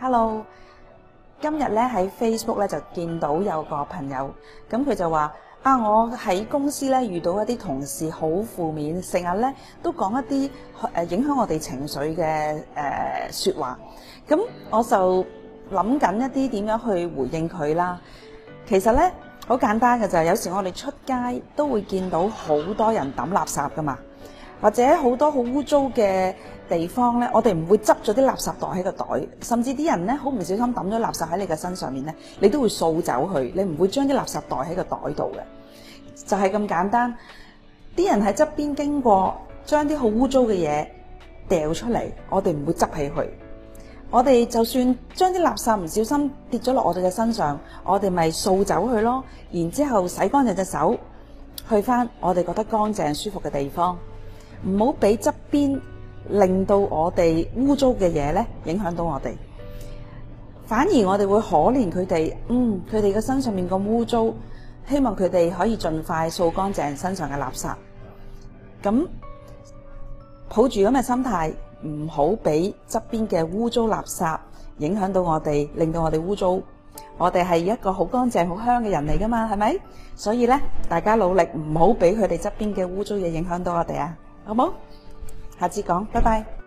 Hello，今日咧喺 Facebook 咧就見到有個朋友，咁佢就話：啊，我喺公司咧遇到一啲同事好負面，成日咧都講一啲誒影響我哋情緒嘅誒說話。咁我就諗緊一啲點樣去回應佢啦。其實咧好簡單嘅就係，有時我哋出街都會見到好多人抌垃圾噶嘛。或者好多好污糟嘅地方呢，我哋唔會執咗啲垃圾袋喺個袋。甚至啲人呢，好唔小心抌咗垃圾喺你嘅身上面呢，你都會掃走佢，你唔會將啲垃圾袋喺個袋度嘅，就係咁簡單。啲人喺側邊經過，將啲好污糟嘅嘢掉出嚟，我哋唔會執起佢。我哋就算將啲垃圾唔小心跌咗落我哋嘅身上，我哋咪掃走佢咯。然之後洗乾淨隻手，去翻我哋覺得乾淨舒服嘅地方。唔好俾側邊令到我哋污糟嘅嘢咧，影響到我哋。反而我哋會可憐佢哋，嗯，佢哋嘅身上面咁污糟，希望佢哋可以盡快掃乾淨身上嘅垃圾。咁抱住咁嘅心態，唔好俾側邊嘅污糟垃圾影響到我哋，令到我哋污糟。我哋係一個好乾淨、好香嘅人嚟㗎嘛，係咪？所以咧，大家努力唔好俾佢哋側邊嘅污糟嘢影響到我哋啊！好唔好？下次講，拜拜。